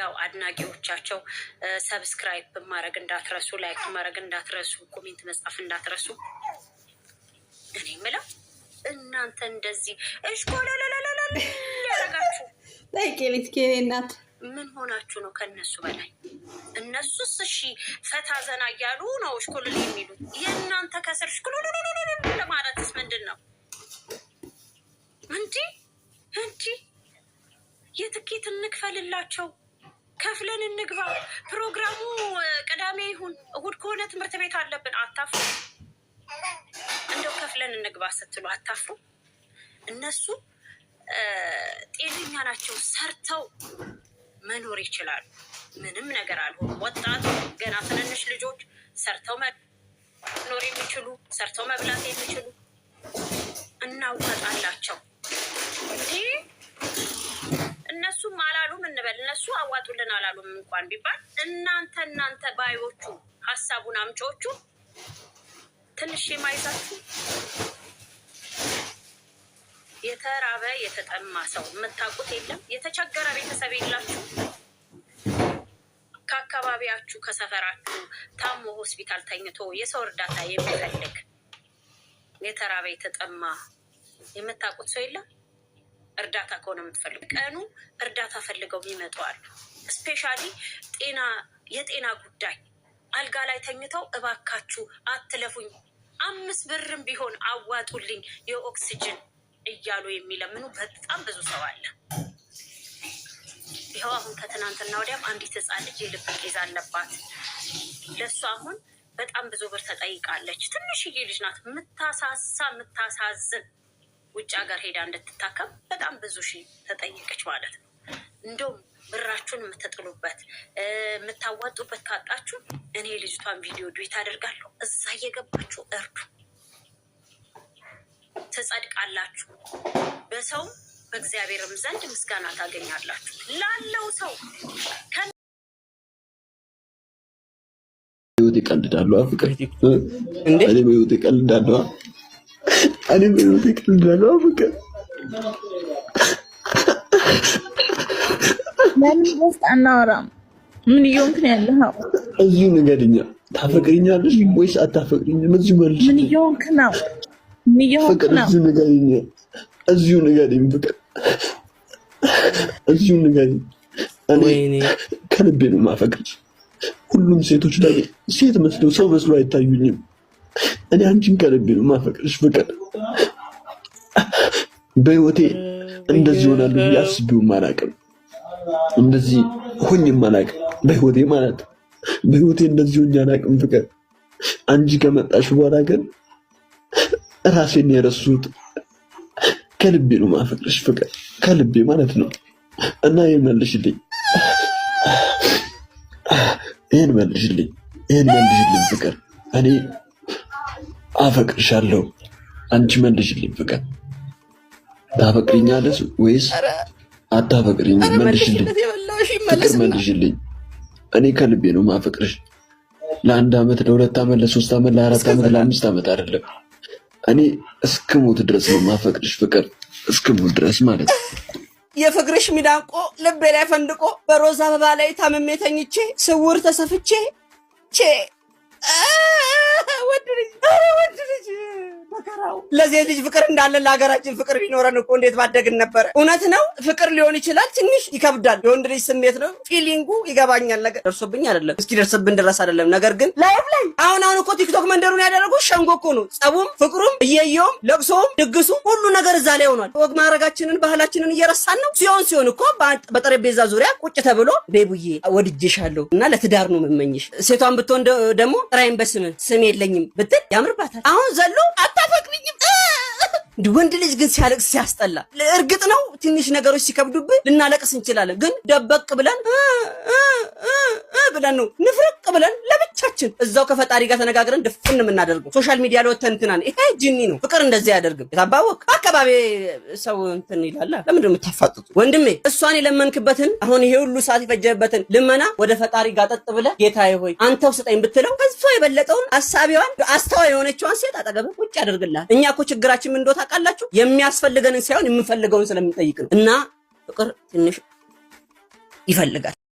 ያው አድናቂዎቻቸው ሰብስክራይብ ማድረግ እንዳትረሱ፣ ላይክ ማድረግ እንዳትረሱ፣ ኮሜንት መጻፍ እንዳትረሱ። እኔ ምለው እናንተ እንደዚህ እሽኮለለለለለ ያደረጋችሁ እናት ምን ሆናችሁ ነው? ከነሱ በላይ እነሱስ እሺ ፈታ ዘና እያሉ ነው እሽኮልል የሚሉት የእናንተ ከስር እሽኮልል ለማለትስ ምንድን ነው እንዲህ እንዲህ የትኬት እንክፈልላቸው። ከፍለን እንግባ። ፕሮግራሙ ቅዳሜ ይሁን እሁድ ከሆነ ትምህርት ቤት አለብን። አታፍሩ። እንደው ከፍለን እንግባ ስትሉ አታፍሩ። እነሱ ጤነኛ ናቸው። ሰርተው መኖር ይችላሉ። ምንም ነገር አልሆኑም። ወጣቱ ገና ትንንሽ ልጆች ሰርተው መኖር የሚችሉ ሰርተው መብላት የሚችሉ እናውቀጣላቸው እንዲህ እነሱም እንበል እነሱ አዋጡልን አላሉም እንኳን ቢባል እናንተ እናንተ ባዮቹ ሀሳቡን አምጪዎቹ ትንሽ የማይዛችሁ የተራበ የተጠማ ሰው የምታውቁት የለም። የተቸገረ ቤተሰብ የላችሁ። ከአካባቢያችሁ ከሰፈራችሁ ታሞ ሆስፒታል ተኝቶ የሰው እርዳታ የሚፈልግ የተራበ የተጠማ የምታውቁት ሰው የለም። እርዳታ ከሆነ የምትፈልጉ ቀኑ እርዳታ ፈልገው የሚመጡ አሉ። ስፔሻሊ ጤና የጤና ጉዳይ አልጋ ላይ ተኝተው እባካችሁ አትለፉኝ፣ አምስት ብርም ቢሆን አዋጡልኝ የኦክሲጅን እያሉ የሚለምኑ በጣም ብዙ ሰው አለ። ይኸው አሁን ከትናንትና ወዲያም አንዲት ህፃን ልጅ የልብ ጤዛ አለባት። ለእሱ አሁን በጣም ብዙ ብር ተጠይቃለች። ትንሽዬ ልጅ ናት። የምታሳሳ የምታሳዝን ውጭ ሀገር ሄዳ እንድትታከም በጣም ብዙ ሺ ተጠየቀች ማለት ነው። እንደውም ብራችሁን የምትጥሉበት የምታዋጡበት ካጣችሁ እኔ ልጅቷን ቪዲዮ ዱት አደርጋለሁ። እዛ እየገባችሁ እርዱ፣ ትጸድቃላችሁ። በሰውም በእግዚአብሔርም ዘንድ ምስጋና ታገኛላችሁ። ላለው ሰው ይቀልዳሉ። ፍቅር እንዴ! ይቀልዳሉ። እኔ ምንም ተቀልዳለሁ። አበቃ ለምን ደስ አናወራም? ምን እየሆንክ ነው ያለኸው? እዚሁ ንገሪኛ። ታፈቅሪኛለሽ ወይስ አታፈቅሪኝም? እዚሁ መልሽ። ምን እየሆንክ ነው? ምን እየሆንክ ነው? እዚሁ ንገሪኛ። እዚሁ ንገሪኝ። ፍቅር እዚሁ ንገሪኝ። እኔ ከልቤ ነው የማፈቅርሽ። ሁሉም ሴቶች ላይ ሴት መስለው ሰው መስሎ አይታዩኝም። እኔ አንቺን ከልቤ ነው ማፈቅርሽ። ፍቅር በህይወቴ እንደዚህ ሆናሉ ያስቢውም አላውቅም። እንደዚህ ሁኝም አላውቅም በህይወቴ ማለት በህይወቴ እንደዚህ ሆኜ አላውቅም። ፍቅር አንቺ ከመጣሽ በኋላ ግን ራሴን የረሱት ከልቤ ነው ማፈቅርሽ። ፍቅር ከልቤ ማለት ነው እና ይህን መልሽልኝ፣ ይህን መልሽልኝ፣ ይህን መልሽልኝ ፍቅር እኔ አፈቅርሻለሁ አንቺ መልሽልኝ ፍቅር ታፈቅሪኛለሽ ወይስ አታፈቅሪኝ መልሽልኝ ፍቅር መልሽልኝ እኔ ከልቤ ነው ማፈቅርሽ ለአንድ ዓመት ለሁለት ዓመት ለሶስት ዓመት ለአራት ዓመት ለአምስት ዓመት አይደለም እኔ እስክሞት ድረስ ነው ማፈቅርሽ ፍቅር እስክሞት ድረስ ማለት ነው የፍቅርሽ ሚዳንቆ ልቤ ላይ ፈንድቆ በሮዝ አበባ ላይ ታምሜ ተኝቼ ስውር ተሰፍቼ ቼ ah, what did I? Oh, what did I do? ለዚህ ልጅ ፍቅር እንዳለን ለሀገራችን ፍቅር ቢኖረን እኮ እንዴት ባደግን ነበረ። እውነት ነው ፍቅር ሊሆን ይችላል፣ ትንሽ ይከብዳል። የወንድ ልጅ ስሜት ነው፣ ፊሊንጉ ይገባኛል። ነገር ደርሶብኝ አይደለም እስኪ ደርስብን ድረስ አይደለም። ነገር ግን ላይፍ ላይ አሁን አሁን እኮ ቲክቶክ መንደሩን ያደረጉ ሸንጎ እኮ ነው። ጸቡም፣ ፍቅሩም፣ እየየውም፣ ለቅሶውም፣ ድግሱ ሁሉ ነገር እዛ ላይ ሆኗል። ወግ ማድረጋችንን ባህላችንን እየረሳን ነው። ሲሆን ሲሆን እኮ በጠረጴዛ ዙሪያ ቁጭ ተብሎ ቤቡዬ ወድጄሻለሁ እና ለትዳር ነው የምመኝሽ። ሴቷን ብትሆን ደግሞ ጥራይን በስም ስም የለኝም ብትል ያምርባታል። አሁን ዘሎ አታፈቅሪኝም። ወንድ ልጅ ግን ሲያለቅስ ሲያስጠላ። እርግጥ ነው ትንሽ ነገሮች ሲከብዱብህ ልናለቅስ እንችላለን፣ ግን ደበቅ ብለን ብለን ነው ንፍርቅ ብለን ሁለታችን እዛው ከፈጣሪ ጋር ተነጋግረን ድፍን የምናደርገው ሶሻል ሚዲያ ላይ እንትናን ይሄ ጅኒ ነው። ፍቅር እንደዚህ አያደርግም። የታባወቅ አካባቢ ሰው እንትን ይላል። ለምንድን የምታፋጥጡ ወንድሜ? እሷን የለመንክበትን አሁን ይሄ ሁሉ ሰዓት የፈጀበትን ልመና ወደ ፈጣሪ ጋር ጠጥ ብለህ ጌታዬ ሆይ አንተው ስጠኝ ብትለው ከሷ የበለጠውን አሳቢዋን አስተዋይ የሆነችዋን ሴት አጠገብ ቁጭ ያደርግላል እኛ እኮ ችግራችን ምን እንደሆነ ታውቃላችሁ? የሚያስፈልገንን ሳይሆን የምንፈልገውን ስለምንጠይቅ ነው። እና ፍቅር ትንሽ ይፈልጋል።